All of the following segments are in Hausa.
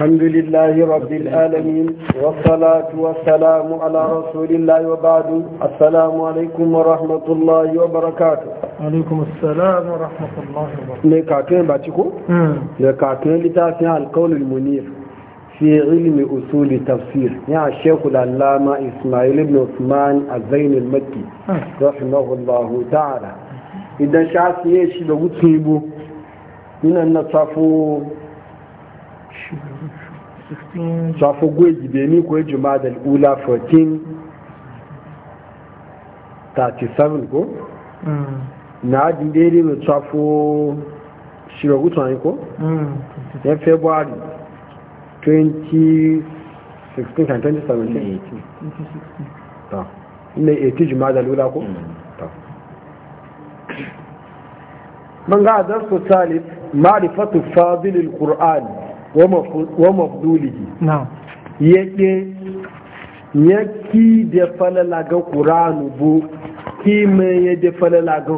الحمد لله رب العالمين والصلاة والسلام على رسول الله وبعد السلام عليكم ورحمة الله وبركاته عليكم السلام ورحمة الله وبركاته لكاتين باتيكو لكاتين لتاسع القول المنير في علم أصول تفسير يا الشيخ العلامة إسماعيل بن عثمان الزين المكي رحمه الله تعالى إذا شعث يشي لو تسيبه من النصف safo goyi gibe ni ko juma da ula 1437 ko na adin daidai mai safo shiragutu ne ko ya february 2016 kan 2017 ta ne 80 juma da ula ko من قاعد درس الثالث معرفة فاضل القرآن wa mafdulihi yake yaki da falala ga ƙuranu bu kima ya da falala ga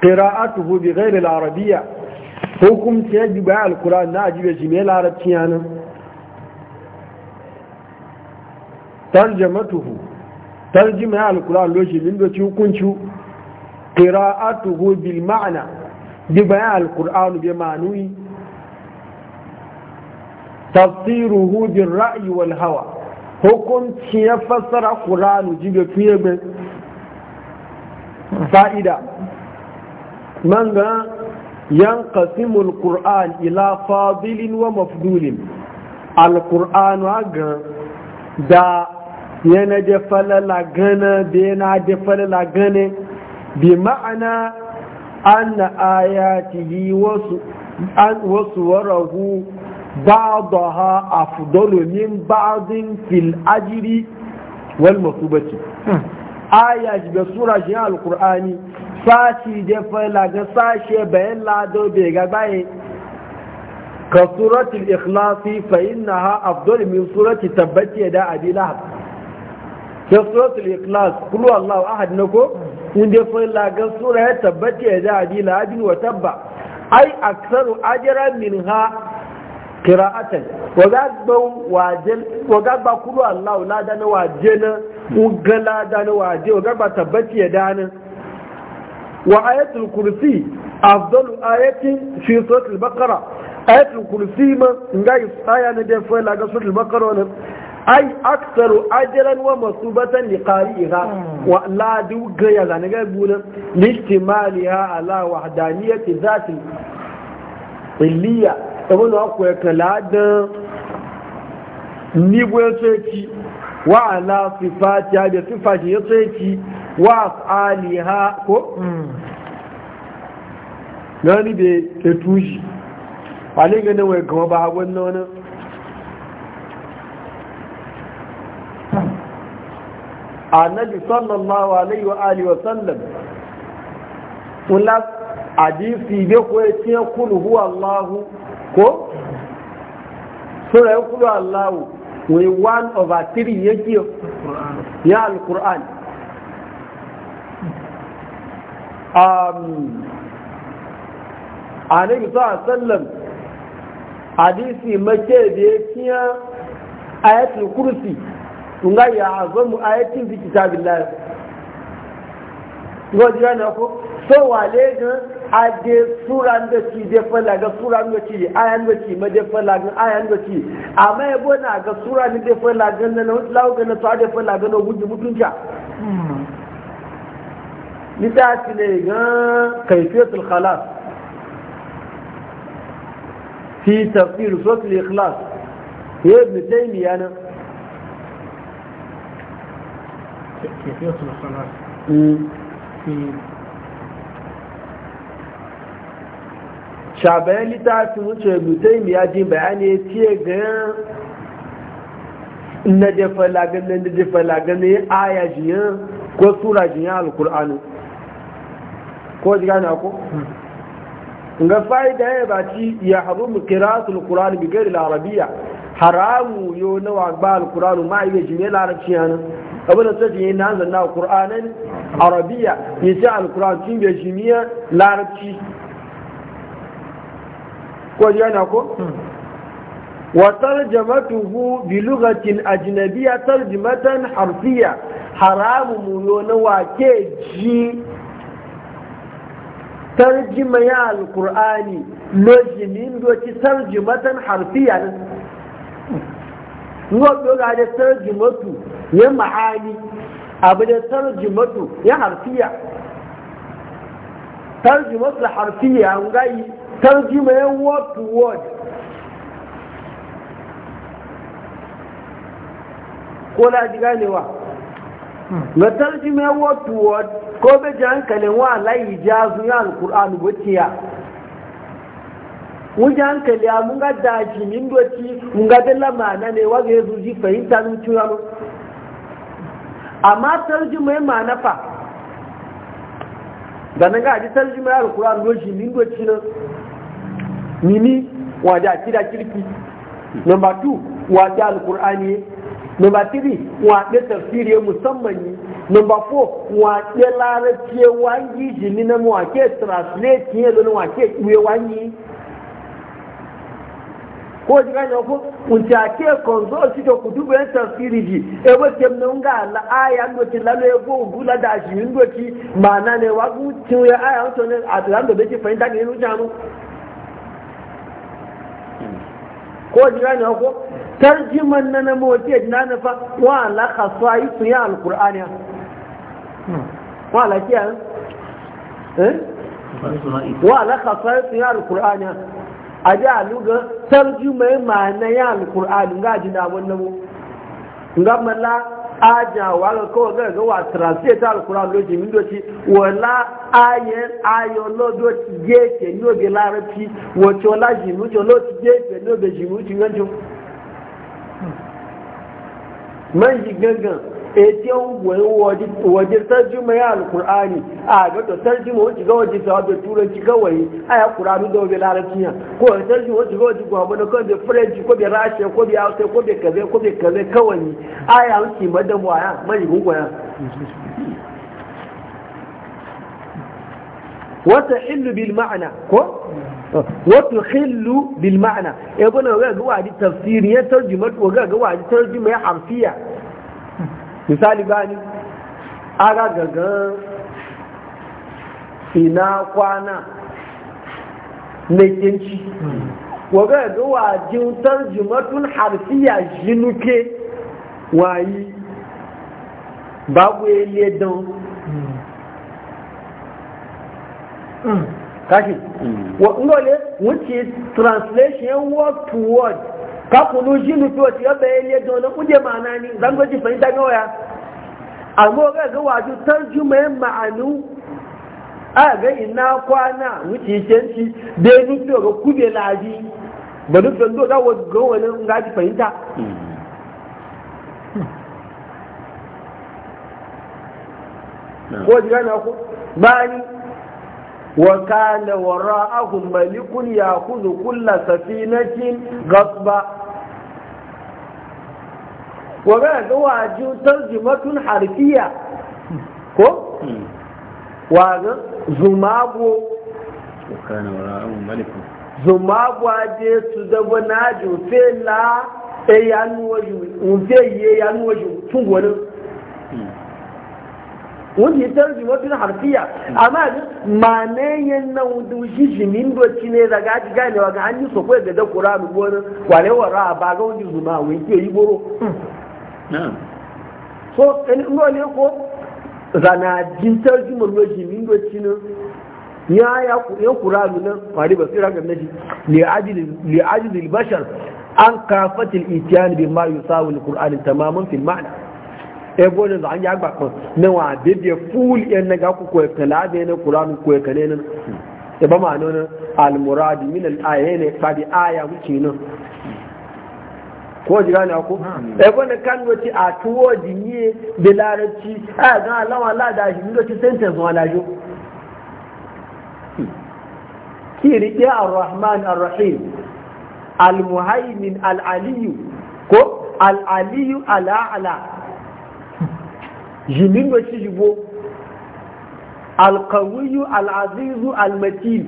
ƙira'atuhu bi ghairi larabiya hukumta ya jiba al-ƙuran na ajibe shi mai larabci yanan tarjamatuhu tarjima ya al-ƙuran loshi lindoci hukunci ma'ana tafsiruhu bin ra'yi wal hawa hukunci ya fassara ƙuranu jibe fiye mai fa'ida man ga yan al ƙur'an ila fadilin wa mafdulin al-ƙur'anu ga da yana da falala gana da yana da falala gane bi ma'ana an na ayatihi wasu warahu بعضها أفضل من بعض في الأجر والمثوبة آية بسورة جهة القرآن sashi da falaga sashe bayan lado bai ga baye ka suratul ikhlasi fa innaha afdal min surati tabbati da abi lahab ke suratul ikhlas kullu allahu ahad nako inda falaga ya tabbati da abi lahab wa tabba ai aksaru min ha. kira'atan wagagba wajen wagagba Allah la da na waje na ugala da na waje wagagba tabbati ya dana wa ayatul kursi afdalu ayatin fi suratul baqara ayatul kursi ma ngai aya na da fa la ga suratul baqara wannan ai aksaru ajran wa masubatan li qari'iha wa la duga ya ga ga bulan listimaliha ala wahdaniyati zati illiya ibn akwai kaladan nibu ya tsoyaki wa ala sifati ya da sifati ya tsoyaki wa ha ko gani hmm. da ya tushi wani ganin wai kama ba hagon nan annabi sallallahu alaihi wa alihi wa sallam kula hadisi bai kuwa ya ce kulu huwa allahu ko sura ya kudu allahu wai one over three ya kiyo ya alkur'an um, a nabi sa sallam hadisi mace da ya kiya ayatul kursi nga ya azamu ayatin fi kitabillah ngo jira na ko so wale gan ade suran nga ci defa la ga suran nga ci ayan nga ci ma defa la ga ayan nga ci amma ya e bona ga suran defa la ga nan law ga na to defa la ga no ni ta ci ne ga kayfiyatul khalas fi tafsir sura al-ikhlas ya ibn taymiyyah na kayfiyatul khalas hmm. shabayan littafin wuce lutai mai yaji bayani ya ce ga na jefa lagana na jefa lagana ya aya jiyan ko sura jiyan alkur'anu ko ji gane ko ga fa'ida ya baci ya haru mu kira su bi gari larabiya haramu yo na wagba alkur'anu ma iya jimiyar larabci yana abin da sai yin nan zanna alkur'anan arabiya ya ce alkur'anu cin bai jimiyar larabci ko yana hmm. ko wa tarjamatuhu bi lughatin ajinabiya tarjumatan harfiya haramu mu na wake ji tarjima ya alqur'ani lojimin doki tarjumatan harfiya ne ngo ga da tarjumatu ya ma'ani abu da tarjumatu ya harfiya tarjumatu harfiya ngai tarjima ya word to word ko la ji ganewa na tarjima ya word to word ko bai ji hankalin wa layi jazu ya alkur'an wuciya wuce hankali a mun ga daji min doci mun ga dalla ma'ana ne waga ya zuji fahimta nun cewa mu amma tarjima ya ma'ana fa da na ga ji tarjima ya alkur'an doci min doci nan nini waje a kira kirki number two waje alkur'ani number three waje tafsiri musamman ne number four waje larabci wangi jini na wake translate ne don wake kuwe wangi ko ji gane ko unta ake konzo si to kutubu en tafsiri ji e bo tem no nga la aya ndo ti la le bo gula da ji ndo ti mana ne wagu ti ya aya to ne atlan do be ti fainda ni nu jamu ko ji ne ko tarjiman na na mawaki na na fa wa la khaswa yisu ya alqur'ani hmm. wa la kiya eh wa la khaswa yisu ya alqur'ani a ji aluga ma na ya alqur'ani ga ji da wannan ga mala ajawa ga kawai ga ga wa translate ta alkuran loji min doci wala ayen ayo lo doci gefe no be ti, wato la jimu to lo ti gefe no be jimu ti man ji gangan etiyan waje tarjima ya alkur'ani a ga to tarjima wace ga waje sawa da turanci kawai a ya kuranu da wabe larabciya ko ya tarjima wace ga waje gwamna da kawai da french ko da rasha ko da hausa ko da kaze ko da kaze kawai a ya hanci madan waya mai gungoya wata hillu bil ma'ana ko وتخل بالمعنى يقول لك هو هذه تفسير يترجمة وقال هو هذه ترجمة حرفية misali bani aga gagan ina kwana na yanci waga ga wajin tarjumatun harfiya jinuke wayi babu ele don kashi wa ngole which is translation word to word ka kunu shi ne wata yabba ya liya da wani kuje ma'ana ni zan gwaji fahimta ga waya amma ga ga wato tarjumayen ma'anu a ga ina kwana wuce kenci da ya nufi ga kube laji ba da do ga wani gaji fahimta ko ji na ku bani wa kana wara'ahum malikun yakhudhu kulla safinatin wa ga ga waju tarjumatun harfiya ko wa ga zumago kana wara'un malikun zumago aje su dabo na ju fela e yanu waju un fe ye yanu tun wọ́n harfiya amma ma ne yin nan wudu shi shi min doci ne da gaji ya ga an yi ya ga da kuranu gona kwarewa ra'a ba ga wani so ɗani ń ne ko zana jintar jumar lọji min doci nan ya ya ya kura na fari ba tsira gamna shi li ajilil bashar an kafatil itiyan bi ma yusawu alqur'ani tamaman fil ma'na e bonin da an ya gbakon na wa bibiya ful yan naga ku ko kala da ne qur'ani ko kale nan e ba ma nan al murad min al ayene fa bi aya wuce nan ko ji gane ku e ko ne kan wati a tuwo dinye da larabci a ga Allah la da shi ndo ci sentence wa laju jo ki riƙe ar-rahman ar-rahim al-muhaimin al-aliyu ko al-aliyu ala-ala ne wati bo? al-qawiyu al-azizu al-matin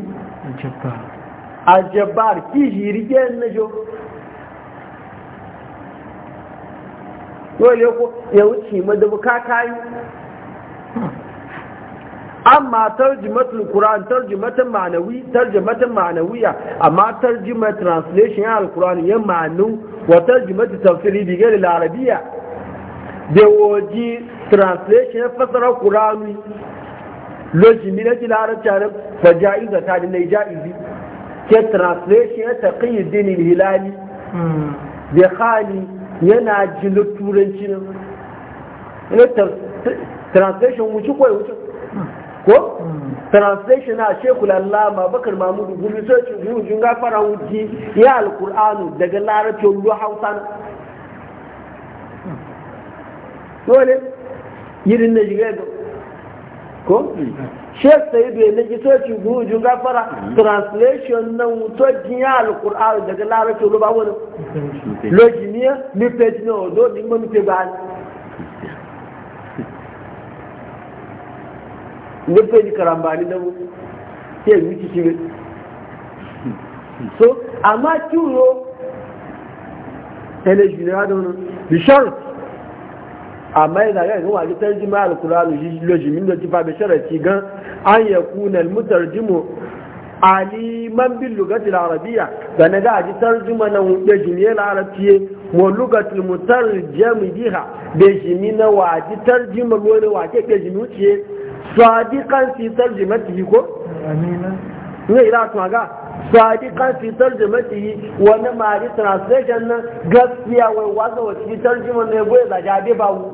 al-jabbar ki ji riƙe na jo dole ko ya wuce madubu ka yi. amma tarjimatul Qur'an tarjimatan ma'anawi tarjimatan ma'anawiya amma tarjima translation al-Qur'an ya ma'anu wa tarjimatu tafsiri bi gari al-arabiyya da waji translation ya fasara Qur'ani lojimi na ji larabci ne fa ja'iza ta da nai ja'izi ke translation ya taqiyyu qiyyin hilali hmm. bi khali yana jini turanci na yana translation wuce kawai wuce ko translation na shekul allama bakar mamudu gumi sai jin gafara wuce ya alkur'anu daga larabci ruwa hausa na dole yirin na shiga ko sheikh sayidu ya nake so ci gujun gafara translation na wuto jiya alkur'an daga larabci ruba wani lojiniya ni page na odo ni mo ni pe ba ni ni page karambani na mu ke wiki kibe so amma kiwo ele junior adonu bishar amma yana ga kuma wani tarjima al alkur'ani shi loji min da tifa bi sharati gan an yakuna mutarjimu aliman bin lugati al da na gaji tarjima na wuɗe da jimiyar larabci wa mutar jami biha da jimi na wajen tarjima tarjuma wake ke da jimi ce sadiqan fi tarjimatihi ko amina ne ila to ga sadiqan fi tarjimatihi wani ma ji translation na gaskiya wai wazo wa ci tarjuma ne goye da jabe bawo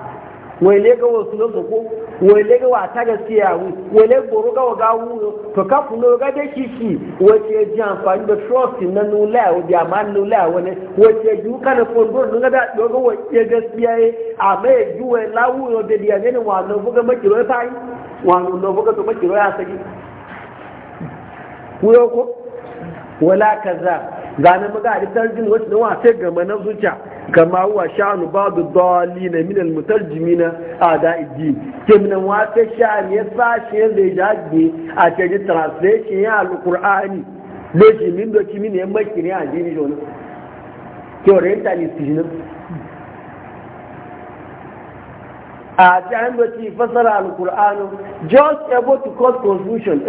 wele ga wasu na soko wele ga wata ga siyawu wele goro ga waga wuyo to ka funo ga da kiki wace ji amfani da trust na nula o bi amma nula ne? wace ju na fondo nuna da dogo wace gaskiya ye amma ya ju wai lawu yo da diya ne wa no buga makiro ya fayi wa no buga to makiro ya saki wuyo ko wala kaza ga na maga da tarjin wasu na wa sai ga na zuciya kama huwa sha'anu ba'du dhalina min al-mutarjimina ada iddi kimna wa ta sha'an ya sashi ya zai jaji a ta ji translation ya al-qur'ani leji min do kimi ne maki ne a jini jona ke orientalist ne a ta an do fasara al-qur'ani just able to cause confusion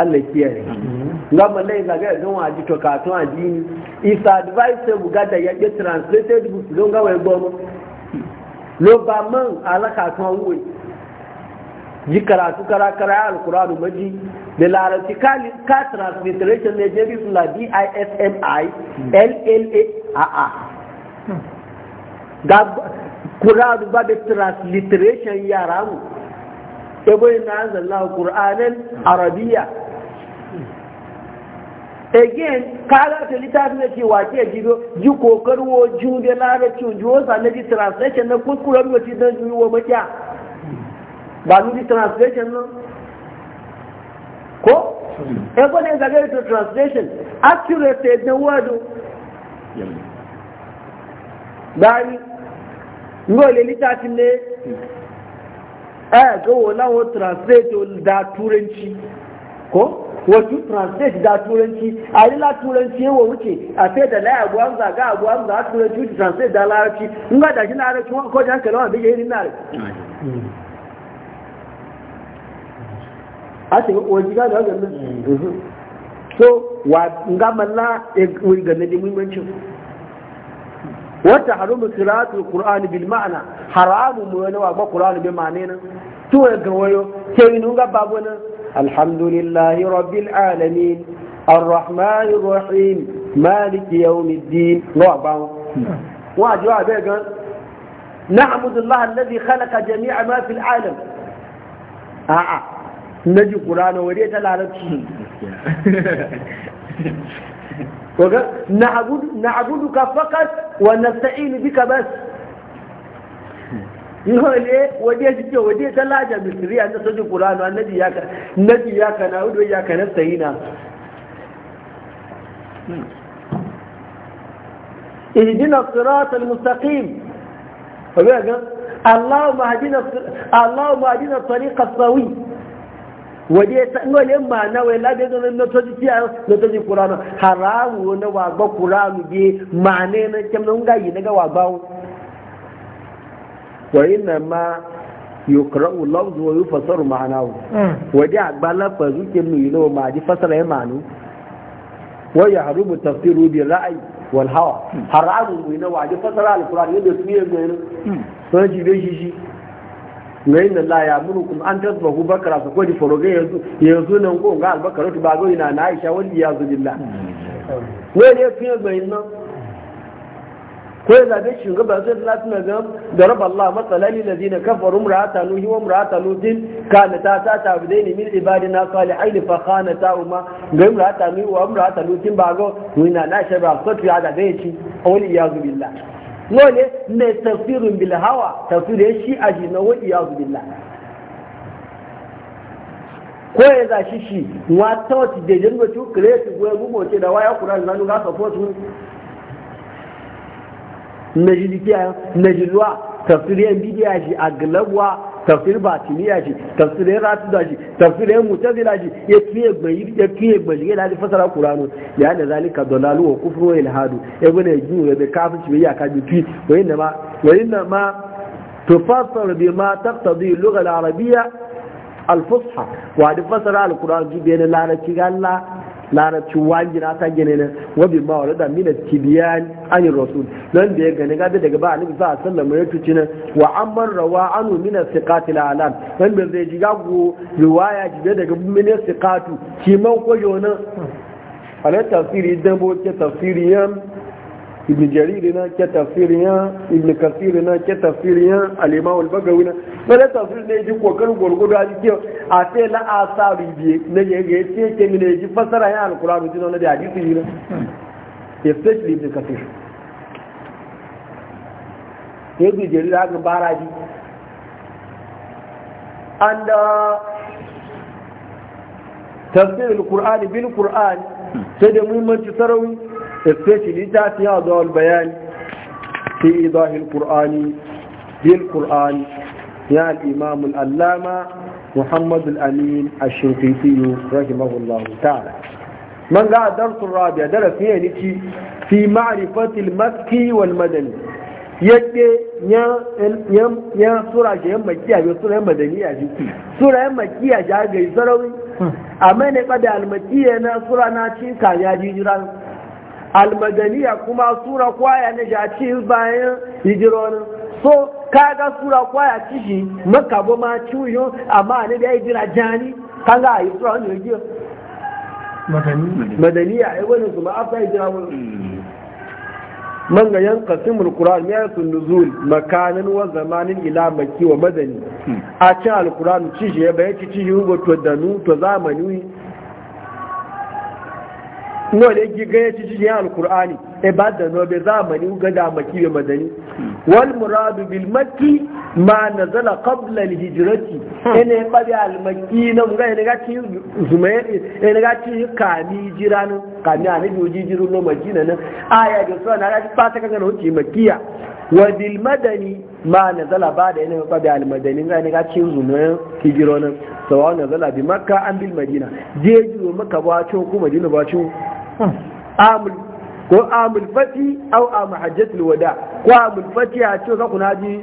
Allah kiyaye mm-hmm. ga mallai ga ga don waji to katon ajini is advisable ga da yake translated book don ga wai gomo lo ba man ala ka to wai ji karatu kara kara alqur'anu maji la larabci ka transliteration ne je bisu la b i s m i mm-hmm. l l a a ga kuradu ba da transliteration yara mu ebe na anzalna qur'anan arabiya again kaga ta litafi da ce wace jibo ji kokarwo jude larabci na ji translation na kuskuren mace don wa makiya ba ji translation nan ko ebe ne zaga ta translation accurate na wado dari ngole litafi ne aya ga wala wa translate da turanci ko wato translate da turanci a yi la turanci yawa wuce a sai da laya guwan zaga a guwan zaga turanci wuce translate da larabci in ga da shi na arabci wani kojin hankali wani bege irin na a ce wajen gada wajen nan mm. so wa nga malla ya e wuri ga na dimin wata harumu qira'atul qur'ani bil ma'ana haramu mu wani wa ba qur'ani bi ma'anin to ga wayo sai nun ga babu nan alhamdulillahi rabbil alamin arrahmanir rahim maliki yawmiddin wa ba wa ji wa be gan na'budullahi alladhi khalaqa jami'a ma fil alam a'a naji qur'ani wari ta larabci نعبد نعبدك فقط ونستعين بك بس يقولي إيه؟ ودي اجي ودي تلاجا مصري انا سجو قران النبي ياك النبي ياك اللهم اهدنا الطريق الصواب ya ta ngole ma na wai labe ga na to ji ya na to ji haramu na wagba kurano qur'anu bi ma ne na kem na ngai na ga wa ba wa inna ma yuqra'u lafz wa yufassaru ma'nahu hmm. waje agba lafazu kem ni no ma ji fasara ya ma'nu wa yahrubu tafsiru bi ra'ayi wal hawa hmm. haramu na wa ji fasara al-qur'an yadda su yi ne to ji be shi shi da Allah ya kuma an ku bakara su kodi foroge yanzu yanzu nan ko ga albakar ba bago ina na Aisha wani ya la ne ne fiye bayin nan ko ya zabe shugaba sai da tuna ga darab Allah matsalali ladina kafaru murata nuhi wa murata lutin na ta ta ta bidaini min ibadina salihin fa ta uma ga murata nuhi wa murata lutin bago ina na Aisha ba sai ya zabe shi wani ya la wale ne tafsirin bil hawa tafsirin shi a jina wa iyazu billah ko ya za shi shi wa tawati da jingo tu kreti goye gugu wace da waya kuran zanu ga support mu najiliya najiluwa tafsirin bidiya shi a galabwa tafsir batiniya shi tafsirin rafida shi tafsirin mutazila shi ya kiye gbayi ya kiye gbayi ya lafi fasara qur'anu ya da zalika dalalu wa kufru wa ilhadu ibn yajmu ya be kafirci be ya ka bi fi wa inna ma wa inna ma bi ma taqtadi lugha al-arabiyya al-fusha wa di fasara al-qur'an ji bayan larabci ga Allah larabci wangi na ta gine na wabi ma wa rada mina tibiyan an rasul nan da ya gane gabe daga ba annabi sa sallam ya tuci na wa amman rawa anu mina siqatil alam nan da zai jiga go riwaya jibe daga mina siqatu kiman koyo na alai tafsiri dan bo ke ibn jarir na ke tafsirin ya ibn kasir na ke tafsirin ya al-imam al-bagawi na bala tafsir ne ji kokarin gurgudu a jikin a sai la asari biye na je ga yace ke ne ji fasara ya al-qur'ani din na da hadisi ne especially ibn kasir ibn jarir haka baraji and uh, tafsir al-qur'ani bil qur'an sai da muhimmanci sarawi استشري تأتي هذا البيان في إضاه القرآن بالقرآن يا الإمام الألامة محمد الأمين الشنقيطي رحمه الله تعالى من قال الدرس الرابع درس يعني في معرفة المكي والمدني yake nya nya nya sura je makki a bi sura madani a ji ki sura makki a ja ga isarawi amma ne kada al makki na sura na ci ka ya ji jiran almadaniya kuma sura kwaya na jaci bayan hijironin so kaga sura kwaya ciki maka makabo ma ciwo amma ne da ya jira jani kan ga yi sura wani yagiyo madaniya ya wani kuma afta ya jira wani man ga yan simul qur'an ya sun nuzul makanin wa zamanin ila makki wa madani hmm. a cikin alqur'an ci ya bayan ci ci to danu to zamani nawa ne ga gaya ci cikin alkur'ani e ba da bai zamani ga da maki bai madani wal muradu bil makki ma nazala qabla al hijrati ene ba bi al makki na mun ga e ne ga ci zumaye ene ga ci kami jiranu kami ani bi jiru no madina na aya da so na ga ba ta no hoci makkiya wa bil madani ma nazala ba da ene ba bi al madani ga e ne ga ci zumaye jiro na sawa nazala bi makka an bil madina je jiro maka ba cin kuma madina ba cin amul ko amul fati au amul hajjatul wada ko amul fati a ce ka kuna ji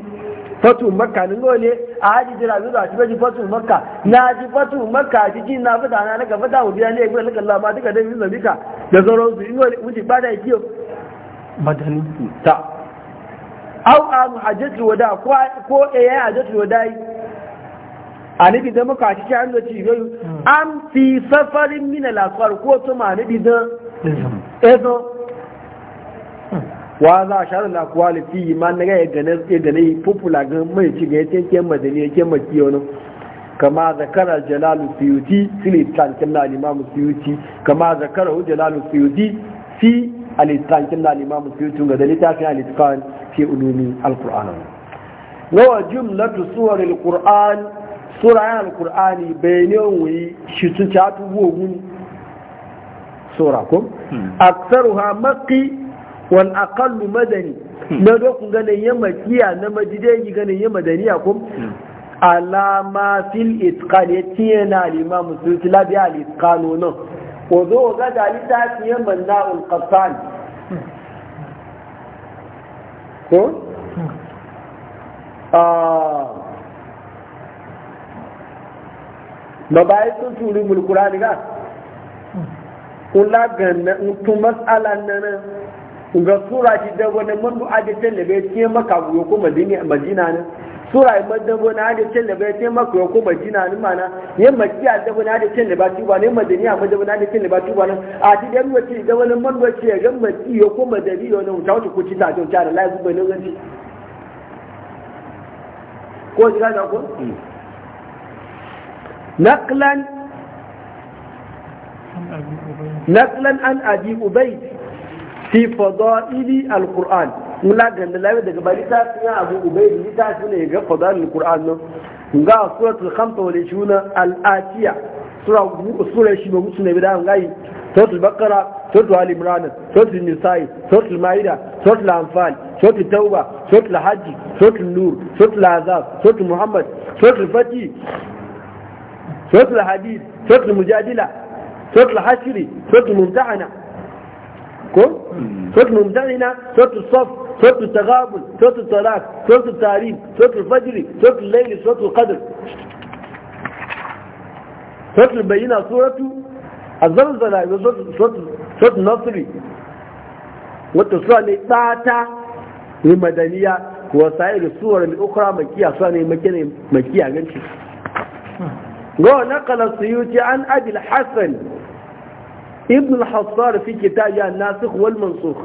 fatu makka nin ne a haji jira zo a shi fatu makka na ji fatu makka ji ji na fada na ga fada mu biya ne ga laka Allah ma duka da yin zabika da zaron su ingo wuce ba da kiyo madani ta au amul hajjatul wada ko ko eh hajjatul wada anibi da muka ci an zaci cibiyoyi an fi safarin mina lasuwar ko to ma anibi da ezo wa za a sharar da kuwa lifi ma na ga ya gane fufula ga mai ci ga ya tenke madani ya ke maki wani kama zakara jalalu suyuti filitan killa limamu suyuti kama zakara hu jalalu suyuti fi alittan killa limamu suyuti ga fi littafin alittan fi ulumi alkur'an wa jumlatu al qur'an sura al alkur'ani bayanin wuyi shi sun ci hatu gogun sura ko hmm. aksaru ha maki wal aqallu madani hmm. na dokun ganin ya makiya na majidai ganin ya a kun. Hmm. alama fil itqan yatiya na al-imam musulmi labi al-itqan non ko zo ga dalita fiye manna al-qassan ko ah ba yìí tún tún rí mulukura nìkan ńlá gànà ntun masala nana nga sura ji dabo na mandu aje tele bai tiye maka buyo ko majina ne sura yi dabo na aje tele bai tiye maka buyo ko majina ne mana yin makiya dabo na aje tele ba tuba ne majini madina madabo na aje tele ba tuba ne a ti dan wace dabo na mandu ce ga makiyo ko majini yo ne wuta wata ci da kyara ta da lai bu bai ne ko ji ga ko نقلا نقلا ubaid أبي أبيد في فضائل القرآن mula ganda lafiya daga bari ta tsaya abu ubai da ta su ne ga fadalul qur'an nan ga suratul khamsa wal ishuna al atiya sura shi ba musu ne bidan gai suratul baqara suratul al imran suratul nisa'i suratul maida suratul anfal suratul tauba suratul Hajji, suratul nur suratul azab suratul muhammad suratul Fati. صوت الحديث صوت المجادلة صوت الحشر صوت الممتحنة صوت الممتحنة صوت الصف صوت التغابل صوت الطلاق صوت التعريف صوت الفجر صوت الليل صوت القدر صوت البينة صورة الزلزلة صوت صوت صوت النصري والتصالي لتاتا المدنية وسائل الصور الأخرى مكية صورة مكية مكية مكية go naqala suyuti an abi al ibn al-hassar fi kitab an-nasikh wal mansukh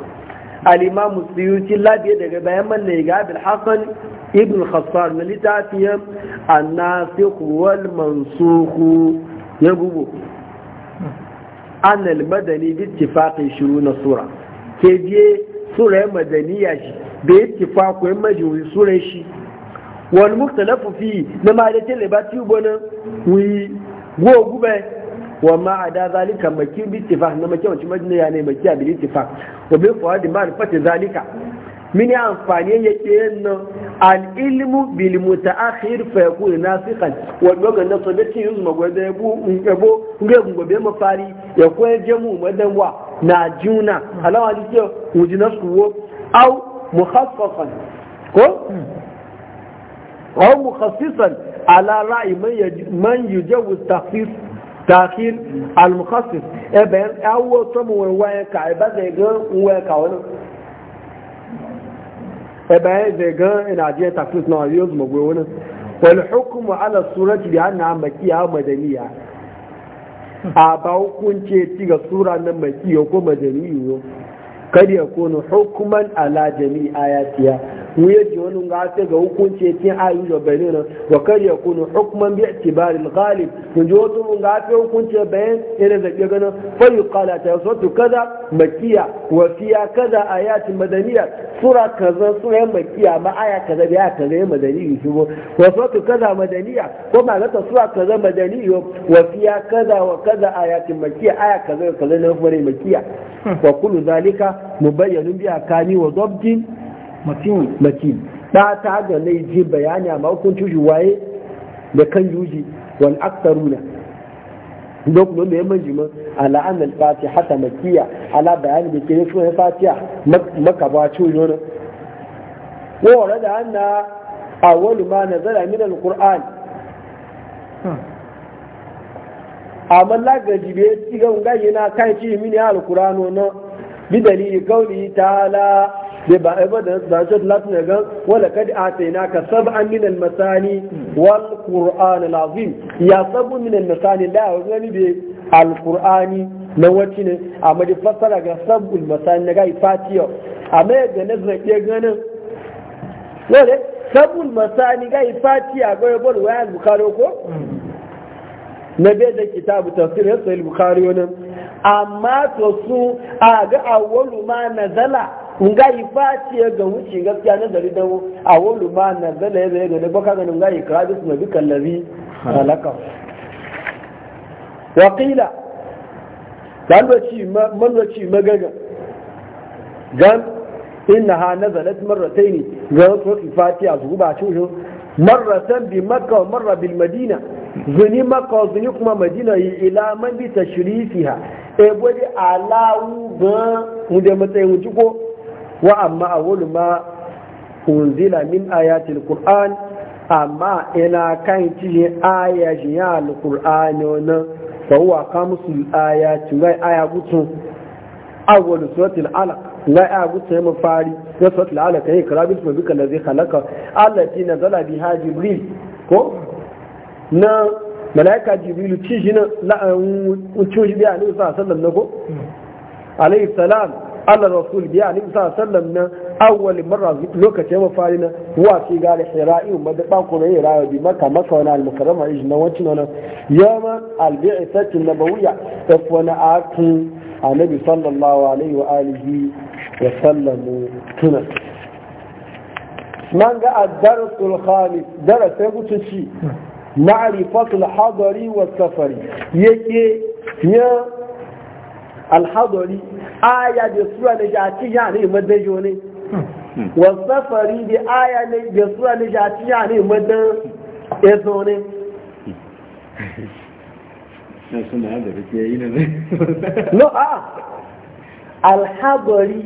al-imam suyuti labi daga bayan man ne ga abi al-hasan ibn al-hassar na litafiya an-nasikh wal mansukh ya bubu an al-madani bi ittifaqi 20 sura ke je sura madaniya shi bi ittifaqi majuri sura shi wal mukhtalafu fi na ma da tele ba ti bona wi go gube wa ma ada zalika maki bi ittifaq na maki wancin majina ya ne maki bi ittifaq wa bi fawadi ma fati zalika min ya amfani yake yin al ilmu bil mutaakhir fa yakun nasiqan wa doga na so da ti yuzma bu ngebo ngebo ngebo ma fari ya je mu madan wa na juna alawa dike wujina suwo au mukhaffafan ko وهو مخصصا على رأي من يج... من يجوز تخصيص تأخير المخصص إبن أول طم وينك عبادة يجان وينك ولا إبن يجان إن عجيه تخصيص نوع يوزم ويونا والحكم على الصورة بأنها مكية أو مدنية أبا hukunce ci ga sura nan mai kiyo ko madaniyo kada ya kono hukuman ala jami'a ayatiya wuya ji wani ga ta ga hukunci tin ayu da bayanin wa kar ya kunu hukman bi i'tibari al-ghalib kun ji wato mun ga ta bayan ina da ga ganin fa yuqala ta sawtu kaza makiya wa fiya kaza madaniya sura kaza sura makiya ma aya kaza bi kaza madaniya shi wa sawtu kaza madaniya ko ma ga ta sura kaza madaniya wa fiya kaza wa kaza ayat makiya aya kaza kaza na fure makiya hmm. wa kullu zalika mubayyanun bi akani wa dabtin matin da ta ga laiji bayani amma hukuncin shi waye da kan yuji wal aktaruna dok no me manji man ala an al fatiha ta makiya ala bayani da ke sunan fatiha maka ba ci yono wa rada anna awwal ma nazala min al qur'an amma la gajibe ga ngai na kai ci min al qur'an no bi dalili qawli ta'ala bai ba a bada da shi lati ne ga wala kad ina ka sab'an min al masani wal qur'an al azim ya sabu min al masani la gani bi al qur'ani na wacce ne a da fassara ga al masani ga a mai ga ne zake ganin wale al masani ga fatiya ga ya wa al bukhari ko na bai da kitabu tafsir ya sahih bukhari wannan amma to su a ga awwalu ma nazala nga yi faciya ga wuce gaskiya na dari dawo a wani ma na zala ya ga gani baka ganin nga yi kawai su mabi kallabi man wakila ci magaga dan inna ha nazalat marratayn marratai ne ga wasu a zuba ci cushin marratan bi makka wa marra bil madina zuni makka zuni kuma madina yi ila man bi tashrifiha e bodi alawu ga mu da matsayin wuce ko wa amma awwalu ma unzila min ayatil qur'an amma ina kan ci aya jiya alqur'an nan fa huwa kamsu ayati wa aya gutu awwalu suratul alaq la aya gutu ma fari wa suratul alaq kai karabil fa bika allazi khalaqa allati nazala biha jibril ko na malaika jibril ci shi na la'an ucu bi alayhi salam na ko alaihi salam Allah Rasul biya ni sa sallam nan awwal marra lokacin mafari na wa fi gari hira'i umma da bako ne rayu bi maka masauna al-mukarrama ijna wacin wannan yawma al-bi'sati nabawiyya tafwana akun annabi sallallahu alaihi wa alihi wa sallamu tuna man ga ad-darsul khamis darasa gutunci ma'rifatul hadari wa safari yake ya al-hadari آية دي سورة نجاتي يعني مدى جوني والسفري دي آية دي سورة نجاتي يعني مدى إذوني لا الحضري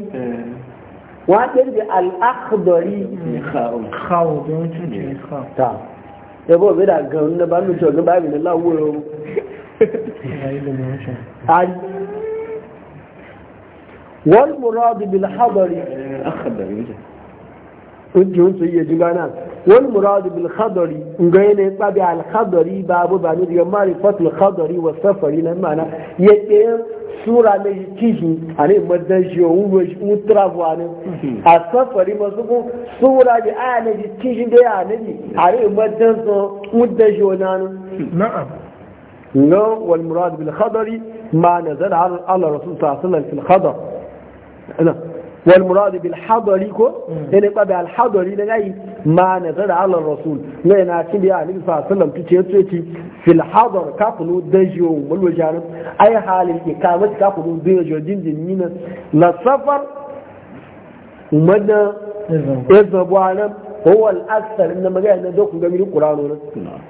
وعندك الاخضري خاو خاو يبو بيد غن بانو تشو نبا بي الله وو والمراد بالحضر أخبر أجهن سيدي بانا والمراد بالخضر وقالنا طبع الخضر بابو بانو ديو معرفة الخضر والسفر لمانا يتعين سورة نجتيجي أنا مدجي ووش مترافوانا السفر مصبو سورة دي آه نجتيجي دي آه نجي أنا مدجي مدجي ونانا نعم نعم والمراد بالخضر ما نزل على الرسول صلى الله عليه وسلم في الخضر نعم. والمراد بالحضر يكو يعني قبل الحضر لغاي ما نزل على الرسول لا كل يا النبي صلى الله عليه وسلم تيتي في الحضر كفلو دجو والوجان اي حال الاقامه كفلو دجو دين دين لا سفر ومدى اذا بوانا هو الاكثر انما جاي ندوك غمي القران ولا نعم.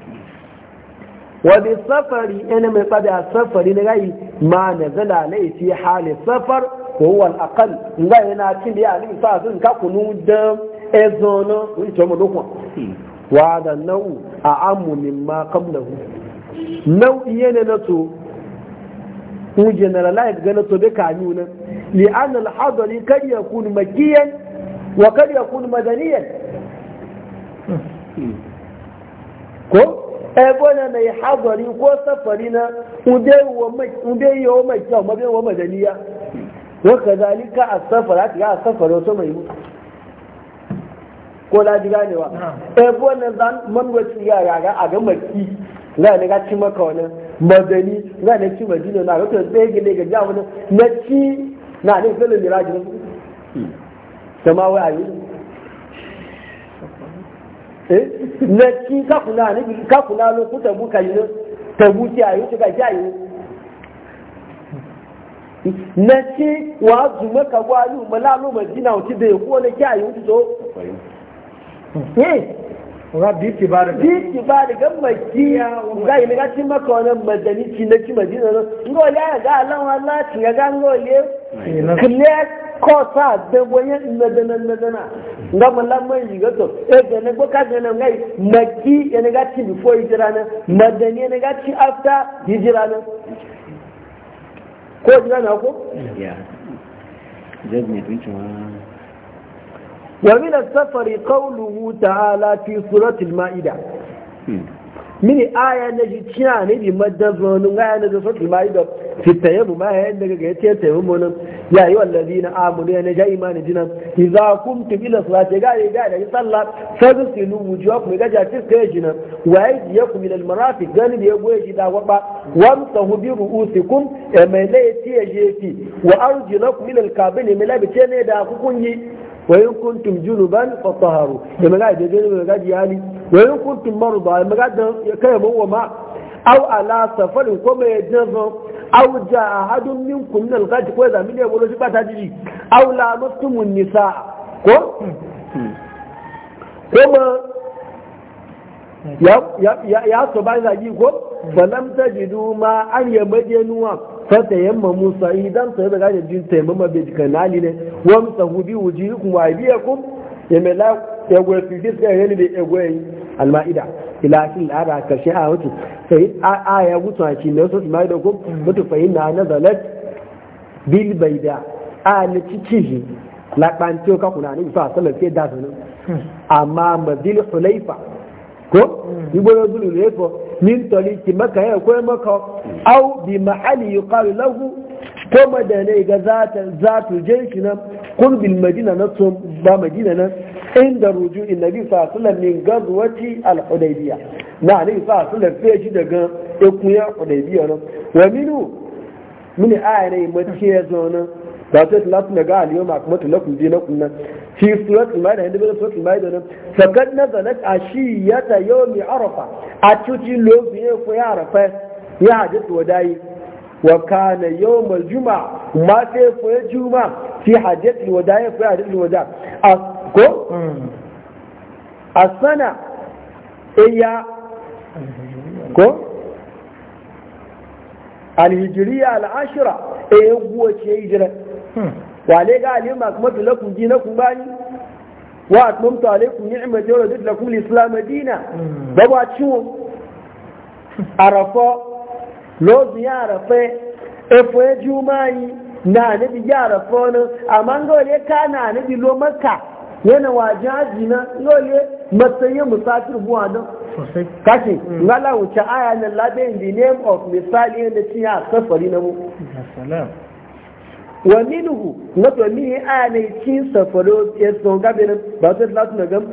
وبالسفر انا ما قبل السفر لغاي ما نزل عليه في حال السفر kowal akal nga yana cin ya ni sa sun ka kunu da ezono wa da nau a amu min ma qablahu nau yene hmm. e na to ku generalize gana to be ka nuna li an wa madaniyan ko na hadari ko safari na ude yi wa mai kyau mabe wa madaniya وكذلك السفر هاتي السفر وسمى يموت ko laji ganewa ebu wannan zan manwaci yara ga a ga maki za ne ga ci maka wani madani za ne ci madina na rukun tsaye gine ga ja wani na ci na ne filin miraji na sama wai ayi na ci kakuna lokuta buka yi na tabuki a yi shiga ja yi na ci wa zuma ka gwalu malalu madina wuce da ya kone kya yi wuce so eh. Nga bi ki ba da bi ki ba da gan maki ga yi ga ci maka wannan madani ci na ci madina no ngo ya ga Allah wallahi ci ga ngo le eh, kle ko sa da boye na da na da na nga mala mai yi ga to e ga ne ko ka ga na ngai maki ya ne ga ci before hijira na madani ne ga ci after hijira na ko jirana ko? wa min as-safari qawluhu ta'ala fi surati al-ma'ida hmm. mini aya na ji tiya ne bi maddan zonun ga yana da sauki mai da fitaye mu ma yayin daga ya ce tayi mu nan ya ayu allazina amanu ya naja imani dinan idza kuntu ila salati ga ya ga da sallah jiwa ku ga ja tis kai jinan wa aydiyakum ila almarafiq gani da ya goye shi da gwaba wamsahu bi ru'usikum e mai ya tiya jefi wa arjulakum ila alkabili mai lai ce ne da kunyi. wa in kuntum junuban taharu da e mai ga da junuban ga jiyali wayin kuntum marda magadan kai mun wa ma aw ala safarin ko mai jazan aw ja a minkum min al lukaci ko da mine bolo ba ta jiri aw la mastumun nisa ko kuma ya ya ya so ba zagi ko ta tajidu ma an yamaje nuwa fata yamma musa idan sai daga jin taimama bai kanali ne Wani wamsahu bi wujihikum wa aydiyakum yamela egwe fifi suka yi ne egwe alma'ida ilahin al'ada karshe a wuce sai a ya wuce a cikin nasu imai da kuma mutu fahimta na zalat bil bai da a na cikin shi laɓantiyo ka kuna ne isa sallar sai da su amma mazil hulaifa ko hmm. iboro zulu lefo min ki maka ya koyi maka au bi ma'ali yuqalu lahu ko madana ga zata zatu jaishi nan qurbil madina na ba madina nan inda ruju innabi sa sallam min gazwati al-hudaybiya na ne sa sallam sai shi daga ikuya hudaybiya nan wa minu aya ne mace ya zo nan ba sai tilatu na ga al-yawma akmatu lakum dinakum nan fi suratul maida inda bin suratul da nan fakad nazalat ashiyata yawmi arafa a tuji lobiye ko ya arafa ya hadith wadai wa kana yawmal juma'a ma sai fa juma'a fi hajjatul wada'i fa su wada'i ko asana iya ko alhijiriya al'ashira iya guwa ce hijira hmm. wale ga alima kuma tulakun ji na kun bani wa atmamtu alaikum ni'mati wa raditu da kuma islam dina hmm. baba ciwon? arafo lozu ya arafe efo ya umari na nabi ya arafo wani amma ga wale ka na nabi lo maka. yana wa haji na lole matsayin musafir buwa don kashi mm. ngala wuce aya na labin the name of misali yadda ci ya safari na mu wa minuhu na to ni aya ne ci safari ya so gabe na ba su lati na gam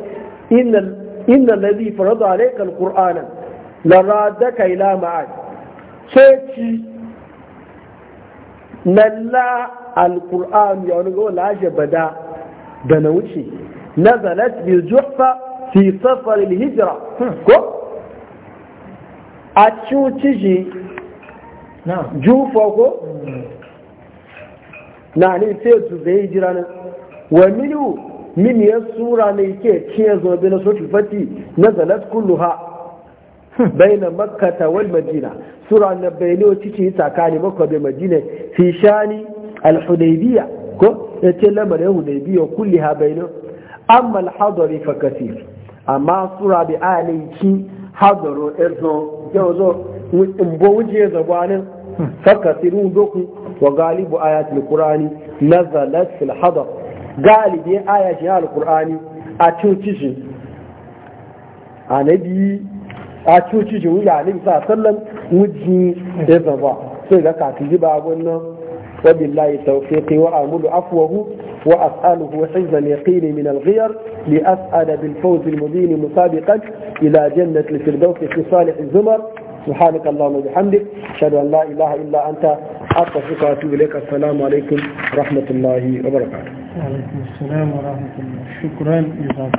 inna inna alladhi farada alayka alqur'ana la radaka ila ma'ad sai ci nalla alqur'an ya wani gowa lashe bada. da na wuce nazalat bil juhfa fi safar al hmm. ko a cuci shi jufa ko hmm. na ne sai su zai hijira nan wa milu min ya sura ne ke ce zo bi na sotu fati nazalat kulluha hmm. baina makkata wal madina sura na bayani wacce yi tsakanin makka da madina fi shani al-hudaybiyah ko ya ce lamarin hudaybiya kulli ha bainu amma al-hadari fa kathir amma sura bi alayki hadaru irzo yau zo in bo wuje zabanin fa kathiru doku wa galibu ayati al-qur'ani nazalat fil hadar galibi ayatin al-qur'ani a cuci anabi a cuci wuya ne sa sallan wuji da zaba sai ga kafi ba wannan وبالله التوفيق وآمل عفوه وأسأله حزن اليقين من الغير لأسأل بالفوز المبين مسابقا إلى جنة الفردوس في صالح الزمر سبحانك اللهم وبحمدك أشهد أن لا إله إلا أنت أستغفرك وأتوب إليك السلام عليكم ورحمة الله وبركاته. وعليكم السلام ورحمة الله شكرا